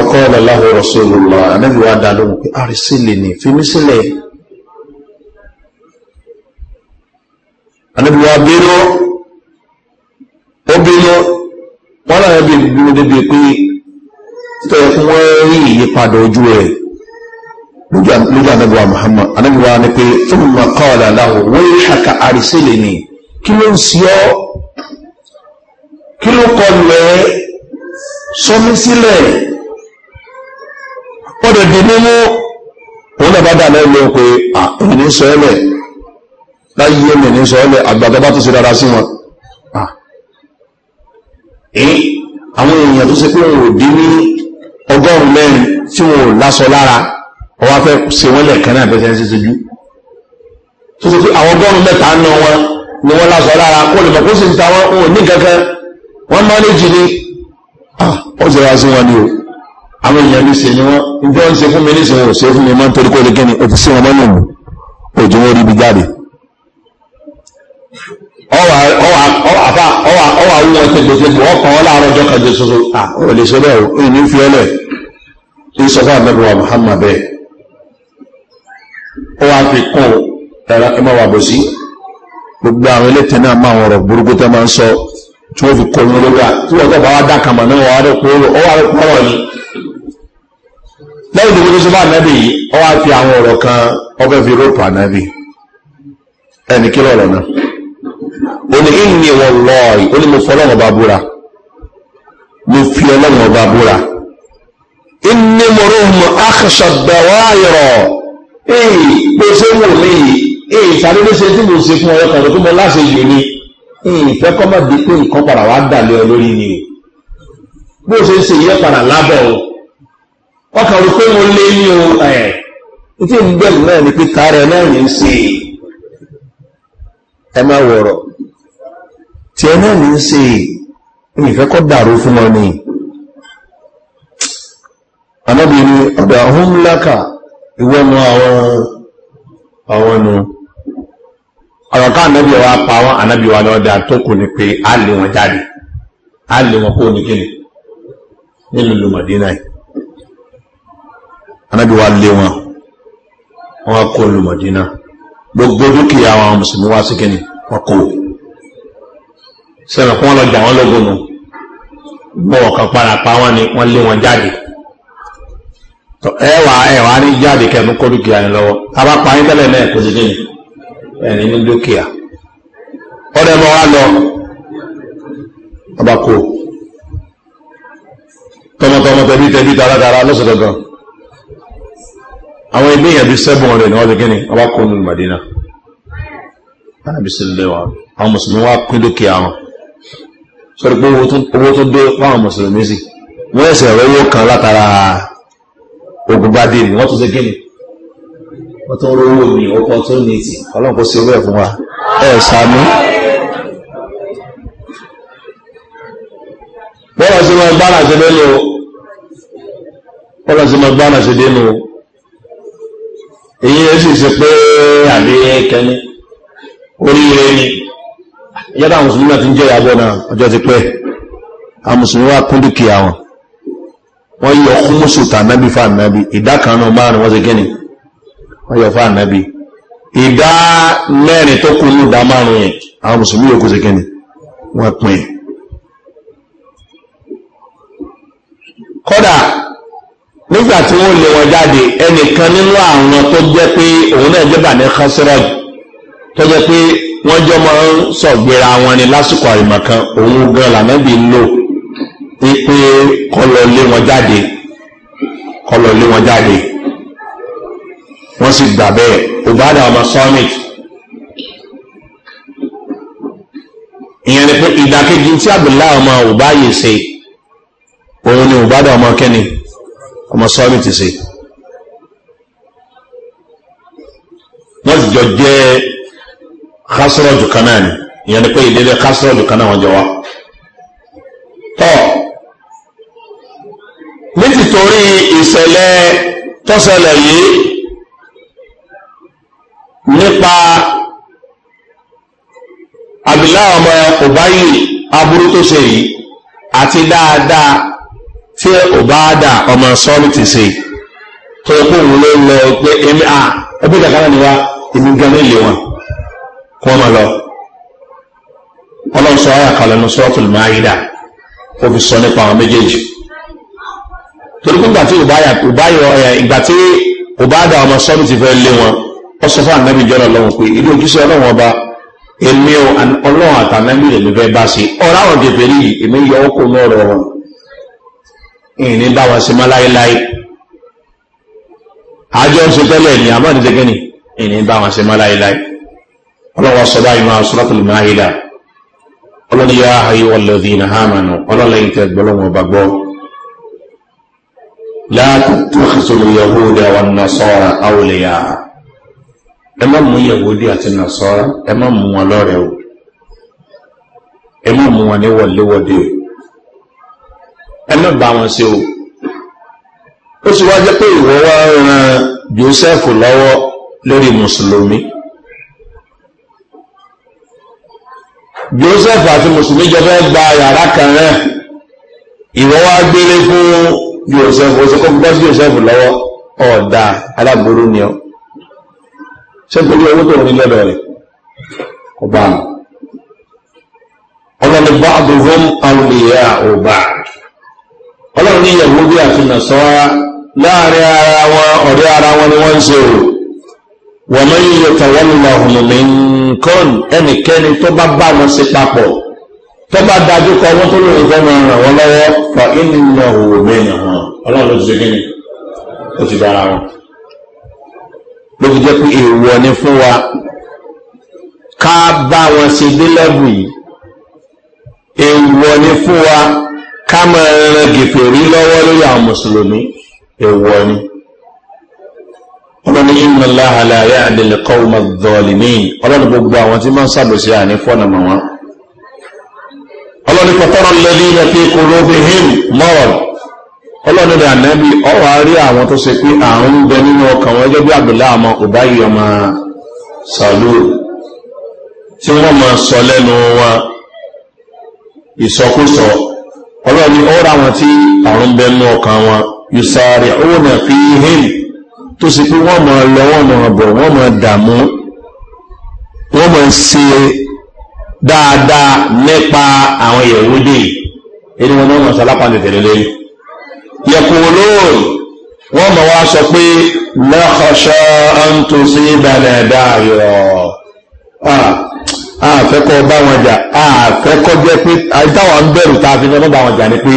ọkọọlọ láwọn rọṣọlùlọ ànábì wa dá lóhùn pé àrísílẹ ni fi mí sílẹ ànábì wa bínú ó bínú wọn láwọn ẹbí bínú débi pé títọ̀yẹ fún wọn rí ìyípadà ojú ẹ lójú ànábì wa muhammad ànábì wa ni pé fún mi ọkọọlọ láwọn wọn yí àkà àrísílẹ ni kí ló ń sí ọ kí ló kọ lẹ sọmísílẹ gbọ́dọ̀ di mímú òun náà bá dà náà ló ń pe èmi ní sọ ẹlẹ láyé èmi ní sọ ẹlẹ àgbàdo bá tún ṣe dára sí wọn. àwọn èèyàn tó ṣe pé wọn ò dín ní ọgọ́rùn-ún mẹ́rin tí wọn ò lásọ lára wọn wá fẹ́ ṣe wọn lẹ̀kan náà bẹ́ẹ̀ ṣe ṣe ṣojú. tó ṣe pé àwọn ọgọ́rùn-ún ń ná wọn ni wọn lásọ lára kó lè mọ̀ kó sì ń ta wọn ò kankan wọn máa lè jì ní. ó ṣe ra sí wọn ni o àwọn èèyàn bí se ni wọ́n ìjọ ń ṣe fún mi nísìn wọn ò ṣe fún mi máa ń torí kó lè kíni òtí sí wọn mọ́nà mú òjò wọn rí ibi jáde ọwà wú wọn tẹgbẹtẹgbẹ ọkàn wọn láàárọ̀ ọjọ́ kan jẹ soso à ó lè ṣe bẹ́ẹ̀ ó ní fi ọlẹ̀ ní sọ fún wa Muhammad bẹ́ẹ̀ ó wá fi kún ẹ̀rọ ẹ má wà bọ̀ sí gbogbo àwọn ẹlẹ́tẹ̀ náà máa wọ̀rọ̀ burúkú tẹ́ máa ń sọ tí wọ́n fi kọ́ lẹ́yìn tó tó bá nẹ́bì yìí ọ wá fi àwọn ọ̀rọ̀ kan ọfẹ́ fi rọ́pù ànẹ́bì ẹni kí lọ́rọ̀ náà ó ní ìní wọn lọ́ọ̀rì ó ní mo fọ́ lọ́wọ́ bá búra mo fi ọlọ́wọ́ bá búra ìní mo rò mọ àkàṣàgbàwá ayọ̀rọ̀ èyí pé ṣé wò mí yìí èyí sàdédé ṣe tí mo ṣe fún ọyọ kan tó mo láṣẹ yìí ni èyí fẹ́ kọ́ má di pé nǹkan padà wá dàlẹ́ ọ lórí ni bó ṣe ń ṣe ìyẹn padà lábọ̀ o wọ́n kàrù pé mo lé ní o ẹ̀ tí ń bẹ̀rù náà ní pé tààrẹ náà ní sí ẹ máa wọ̀rọ̀ tí ẹ náà ní sí ìfẹ́ kọ́ dàrú fún ọ ní anábìnrin ọ̀dọ̀ ahun lákà ìwọ́nu àwọn àwọn ọ̀rọ̀ ká anábìyà wa pa wọn anábìyà wa lọ́dà tó kù ní pé a lè wọn jáde a lè wọn kó ní nílùú lùmọ̀dínà yìí anábì wa lé wọn wọn kó olùmọ̀dínà gbogbo dúkìá àwọn mùsùlùmí wá sí kíni wọn kó sẹ́wọ̀n kí wọ́n lọ jà wọ́n lógun nù bọ́ọ̀ kan parapa wọn ni wọ́n lé wọn jáde ẹwà ẹwà ní jáde kẹnu kó dúkìá yẹn lọ́wọ́ abápa yín tẹ́lẹ̀ náà kó sí kíni ẹni ní dúkìá ọ̀rẹ́ bọ́ wá lọ ọba kó tọmọtọmọ tẹbí tẹbí taratara lọ́sọ̀tọ̀tọ̀ àwọn ilé yẹn bí sẹ́bùn ọ̀rẹ́ ni wọ́n ti gẹ́ni wọ́n bá kó nínú madina tàbí sílẹ̀ wa àwọn mùsùlùmí wá pín dúkìá wọn sọ́dọ̀ pé owó tó dé fáwọn mùsùlùmí sí wọ́n ẹ̀sẹ̀ rẹ̀ yóò kàn látara ogun bá dé ni wọ́n tún ṣe gẹ́ni wọ́n tún rówó mi ọkọ̀ tó ní ìtì ọlọ́run kó ṣe owó ẹ̀ fún wa ẹ̀ sànú. bọ́lá sí máa gbára ṣe dé bọ́lá sí máa gbára ṣe dé èyí ẹ sì ṣe pé àbí kẹlẹ oríire ni ìyá táwọn mùsùlùmí náà ti ń jẹ ìyàwó náà ọjọ́ ti pẹ́ àwọn mùsùlùmí wà kún dúkìá wọn wọ́n yọ kúmùsù tànábì fànábì ìdá kan náà márùn wọ́n ti kí ni wọ́n yọ fànábì ìdá mẹ́rin tó kú ní ìdá márùn yẹn àwọn mùsùlùmí yòókù ti kí ni wọ́n pin kódà nígbà tí wọ́n lé wọn jáde ẹnìkan nínú àwọn tó jẹ́ pé òun náà jẹ́ bàní kásírọ̀ jù tó jẹ́ pé wọ́n jọ máa ń sọ̀gbéra wọn ni lásìkò àrìmọ̀ kan òun gan lànàbí lò wípé kọlọ lé wọn jáde kọlọ lé wọn jáde wọ́n sì gbà bẹ́ẹ̀ òbáda ọmọ summit ìyẹn ni pé ìdàkejì tí àbúlá ọmọ òbáyé ṣe òun ni òbáda ọmọ kẹ́ni ọmọ sọ́ọ́lì ti ṣe wọ́n sì jọ jẹ́ kásírọ̀jù kan náà ni ìyẹn ni pé ìdílé kásírọ̀jù kan náà wọ́n jọ wá tọ́ nítìtorí ìṣẹ̀lẹ̀ tọ́sẹ̀lẹ̀ yìí nípa àbílá ọmọ ọ̀báyì aburú tó ṣe yìí àti dáadáa tí ò bá dà ọmọ sọ́ọ́lì ti ṣe tó yẹ kó òun ló ń lọ pé èmi à ẹbí kàkàrà ni wa èmi gan ní ilé wọn kó wọn lọ ọlọ́run sọ ayà kalẹ̀ ní sọ́ọ́tùl máyídà ó fi sọ nípa àwọn méjèèjì torí pé ìgbà tí ìgbà tí ò bá dà ọmọ sọ́ọ́lì ti fẹ́ lé wọn ó sọ fún ànábì jọ́lọ̀ lọ́wọ́ pé ilé ojúṣe ọlọ́run ọba èmi ọlọ́run àtànábì lè fẹ́ bá ṣe ọ̀rọ̀ àwọn ìní dá wọn sí mọ́ láéláé àjọ ń ṣe tẹ́lẹ̀ ní àmọ́ ní tẹ́kẹ́ ni ìní dá wọn sí mọ́ láéláé ọlọ́wọ́ sọ báyìí máa sọ́rọ́ tó lè máa yíra ọlọ́ni yá ayé wọn lọ́dí iná hàmánù ọlọ́lẹ́yìn tẹ́ gbọ́lọ́wọ́ bá gbọ́ látàkùsọ̀rọ̀ àti nasọ́ra ẹ ẹ má bá wọn ṣe o ó sì wá jẹ́ pé ìwọ wá ran joseph lọ́wọ́ lórí mùsùlùmí joseph àti mùsùlùmí jọ fẹ́ gba yàrá kan rẹ̀ ìwọ wá gbélé fún joseph ó sì kọ́ gbọ́ sí joseph lọ́wọ́ ọ̀dà aláboró ni ọ ṣé nítorí owó tó ní lọ́dọ̀ rẹ̀ kò bá bá a dùn fún ọlọ́run ní ìyẹ̀wò bí àfihàn sọ́ra láàrin ara wọn ọ̀rẹ́ ara wọn ni wọ́n ń ṣe o wọ́n mọ́ yíyọ tàwọ́lùmọ̀ ọ̀hùnmí nǹkan ẹnikẹ́ni tó bá bá wọn sí papọ̀ tó bá dájú kọ wọn tó lóun fẹ́ máa ràn wọ́n lọ́wọ́ fa ìnìyàn òwò mẹ́yìn wọn ọlọ́run ló ti ṣe kíni ó ti dára wọn ló fi jẹ́ pé èèwọ̀ ni fún wa ká bá wọn ṣe dé lẹ́bù yìí èèwọ̀ ni fún wa ká mọ ẹran gèfèrí lọ́wọ́ lórí àwọn mùsùlùmí èèwọ̀ ni ọlọ́ni iná láhàlà ayé àdìlẹ̀ kọ́ọ̀mà dọ̀ọ̀lìmí ọlọ́ni gbogbo àwọn tí máa ń sàbòsí àní fọ́nà mọ̀ wọn ọlọ́ni pọ̀tọ́rọ̀ lẹ́lí ilẹ̀ pé kò lóbi him mọ́ọ̀l ọlọ́ni rẹ̀ ànábì ọwọ́ àárí àwọn tó ṣe pé àrùn ń bẹ nínú ọkàn wọn gẹ́gẹ́ bí àbìlá àmọ́ ọ̀báyìí ọmọ sàlúù tí wọ́n máa sọ lẹ́nu wọn ìsọkúsọ ọlọ́run ni ó ra wọn tí àrùn bẹ nú ọkàn wọn yusari òun fi hìn tó sì pé wọ́n máa lọ wọ́n máa bọ̀ wọ́n máa dààmú wọ́n máa ṣe dáadáa nípa àwọn ìyẹ̀wò dè ẹni wọn náà máa ṣalápá tẹ̀lé lẹ́yìn yẹ̀kùn olóòrùn wọ́n máa wá sọ pé lọ́kọ̀ṣọ́ ń tún sí ìbànú ẹ̀dá ayọ̀ àfẹ́kọ́ bá wọn jà àfẹ́kọ́ jẹ́ pé àìtáwà ń bẹ̀rù tá a fi náà bá wọn jà ni pé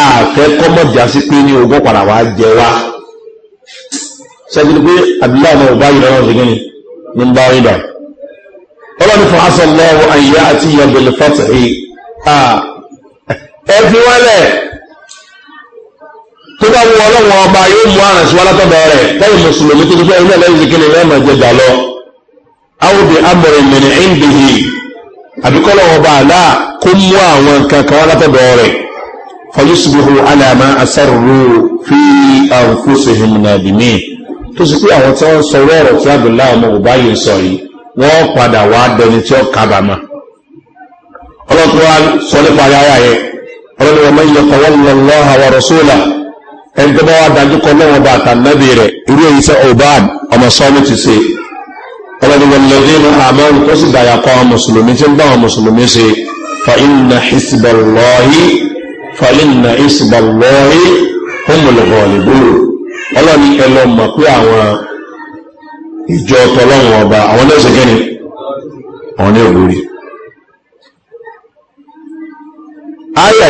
àfẹ́kọ́ mọ̀já sí pé ní ogún padà wá jẹ wá sẹ́gun pé abdullahi ọmọ ọba yìí lọ́wọ́ ṣe gíní ní bá rí dà ọlọ́run fún aṣọ lọ́wọ́ àyè àti ìyàgbẹ̀lẹ̀ fọ́tìrì ẹ fi wálẹ̀ tó bá wọ ọlọ́run ọba yóò mú àrùn sí wa látọ̀dọ̀ rẹ̀ tẹ́yìn mùsùlùmí tó ti fẹ́ ilé ẹlẹ́yìn ṣe kíni lẹ́ẹ̀mọ̀ jẹ jà lọ. awo bi amọ̀rẹ̀ mìíràn ẹ̀ǹdìhì àbíkọ́lọ̀ ọba àlá kó mú àwọn ọrụ kan wá látọ̀dọ̀ rẹ̀ fọyúsùbùhù fi àǹfóṣèhìn nàdìmí tó sì pé àwọn tí wọ́n sọ rọ́ọ̀rọ̀ tí abdullahi ọmọ ọba yìí sọ padà tí wa wọn mẹ́yìn ọkọ̀ wọn ìwọ̀lẹ́dínú àmọ́rù ó sì dàyàkọ́ mùsùlùmí tí ń bá mùsùlùmí se pé àwọn ìjọ ọba àwọn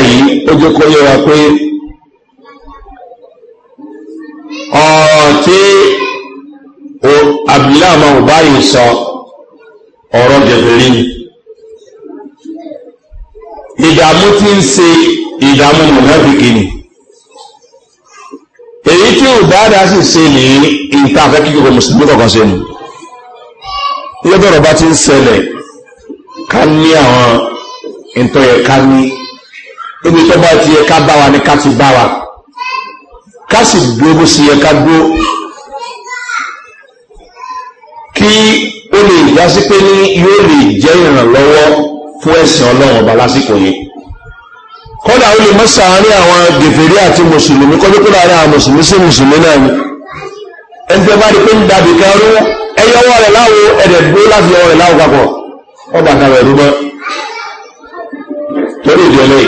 yìí ó kó yẹra pé abdullahi ọmọ ọba yìí sọ ọ̀rọ̀ gẹ̀gẹ̀rí ni ìdààmú tí ń se ìdààmú mọ̀lẹ́bìkì ni èyí tí ò dáadáa sì se ní ìta afẹ́ kíkọ́ mùsùlùmí kọ̀ọ̀kan se nù ilé bẹ̀rẹ̀ bá ti ń sẹlẹ̀ ká ní àwọn ìtọ́yẹ ká ní ibi tó bá ti yẹ ká bá wa ní ká ti bá wa ká sì dúró bó sì yẹ ká dúró tí ó lè já sí pé ní yóò lè jẹ́ ìrànlọ́wọ́ fún ẹ̀sìn ọlọ́run ọba lásìkò yẹn kọ́dà ó lè mọ́ sàárín àwọn gèfèrí àti mùsùlùmí kọ́jú kó láàrin àwọn mùsùlùmí sí mùsùlùmí náà ni ẹgbẹ́ bá rí pé ń dàbí kan rú ẹyọwọ́ rẹ̀ láwo ẹ̀dẹ̀ gbó láti ọwọ́ rẹ̀ láwo papọ̀ ọba kan rẹ̀ rúbọ́ torí ìdílé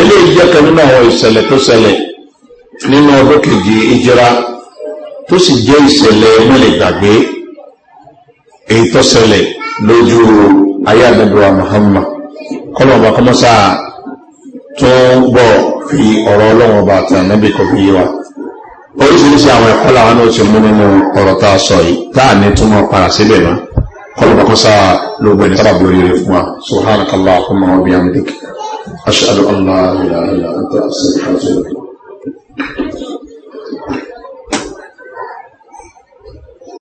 eléyìí jẹ́ kan nínú àwọn ìṣẹ̀lẹ̀ tó ṣẹlẹ̀ nínú ọdún kejì ìjìra tó sì jẹ́ ìṣẹ̀lẹ̀ mẹ́lẹ̀ gbàgbé èyí tó ṣẹlẹ̀ lójú ayé àdàbíwá muhammad kọ́lọ̀ ọba kọ́mọ́sá tó ń bọ̀ fi ọ̀rọ̀ ọlọ́run ọba àti ànábì kò fi yé wa oríṣiríṣi àwọn ẹ̀kọ́ làwọn náà ti mú nínú ọ̀rọ̀ tá a sọ yìí tá a ní túmọ̀ para síbẹ̀ mọ́ kọ́lọ̀ ọba kọ́sá ló gbẹ̀ni sábà bí oríire fún wa subhanahu wa ta'ala fún mọ́ ashadu allah ilaha illa anta astaghfiruka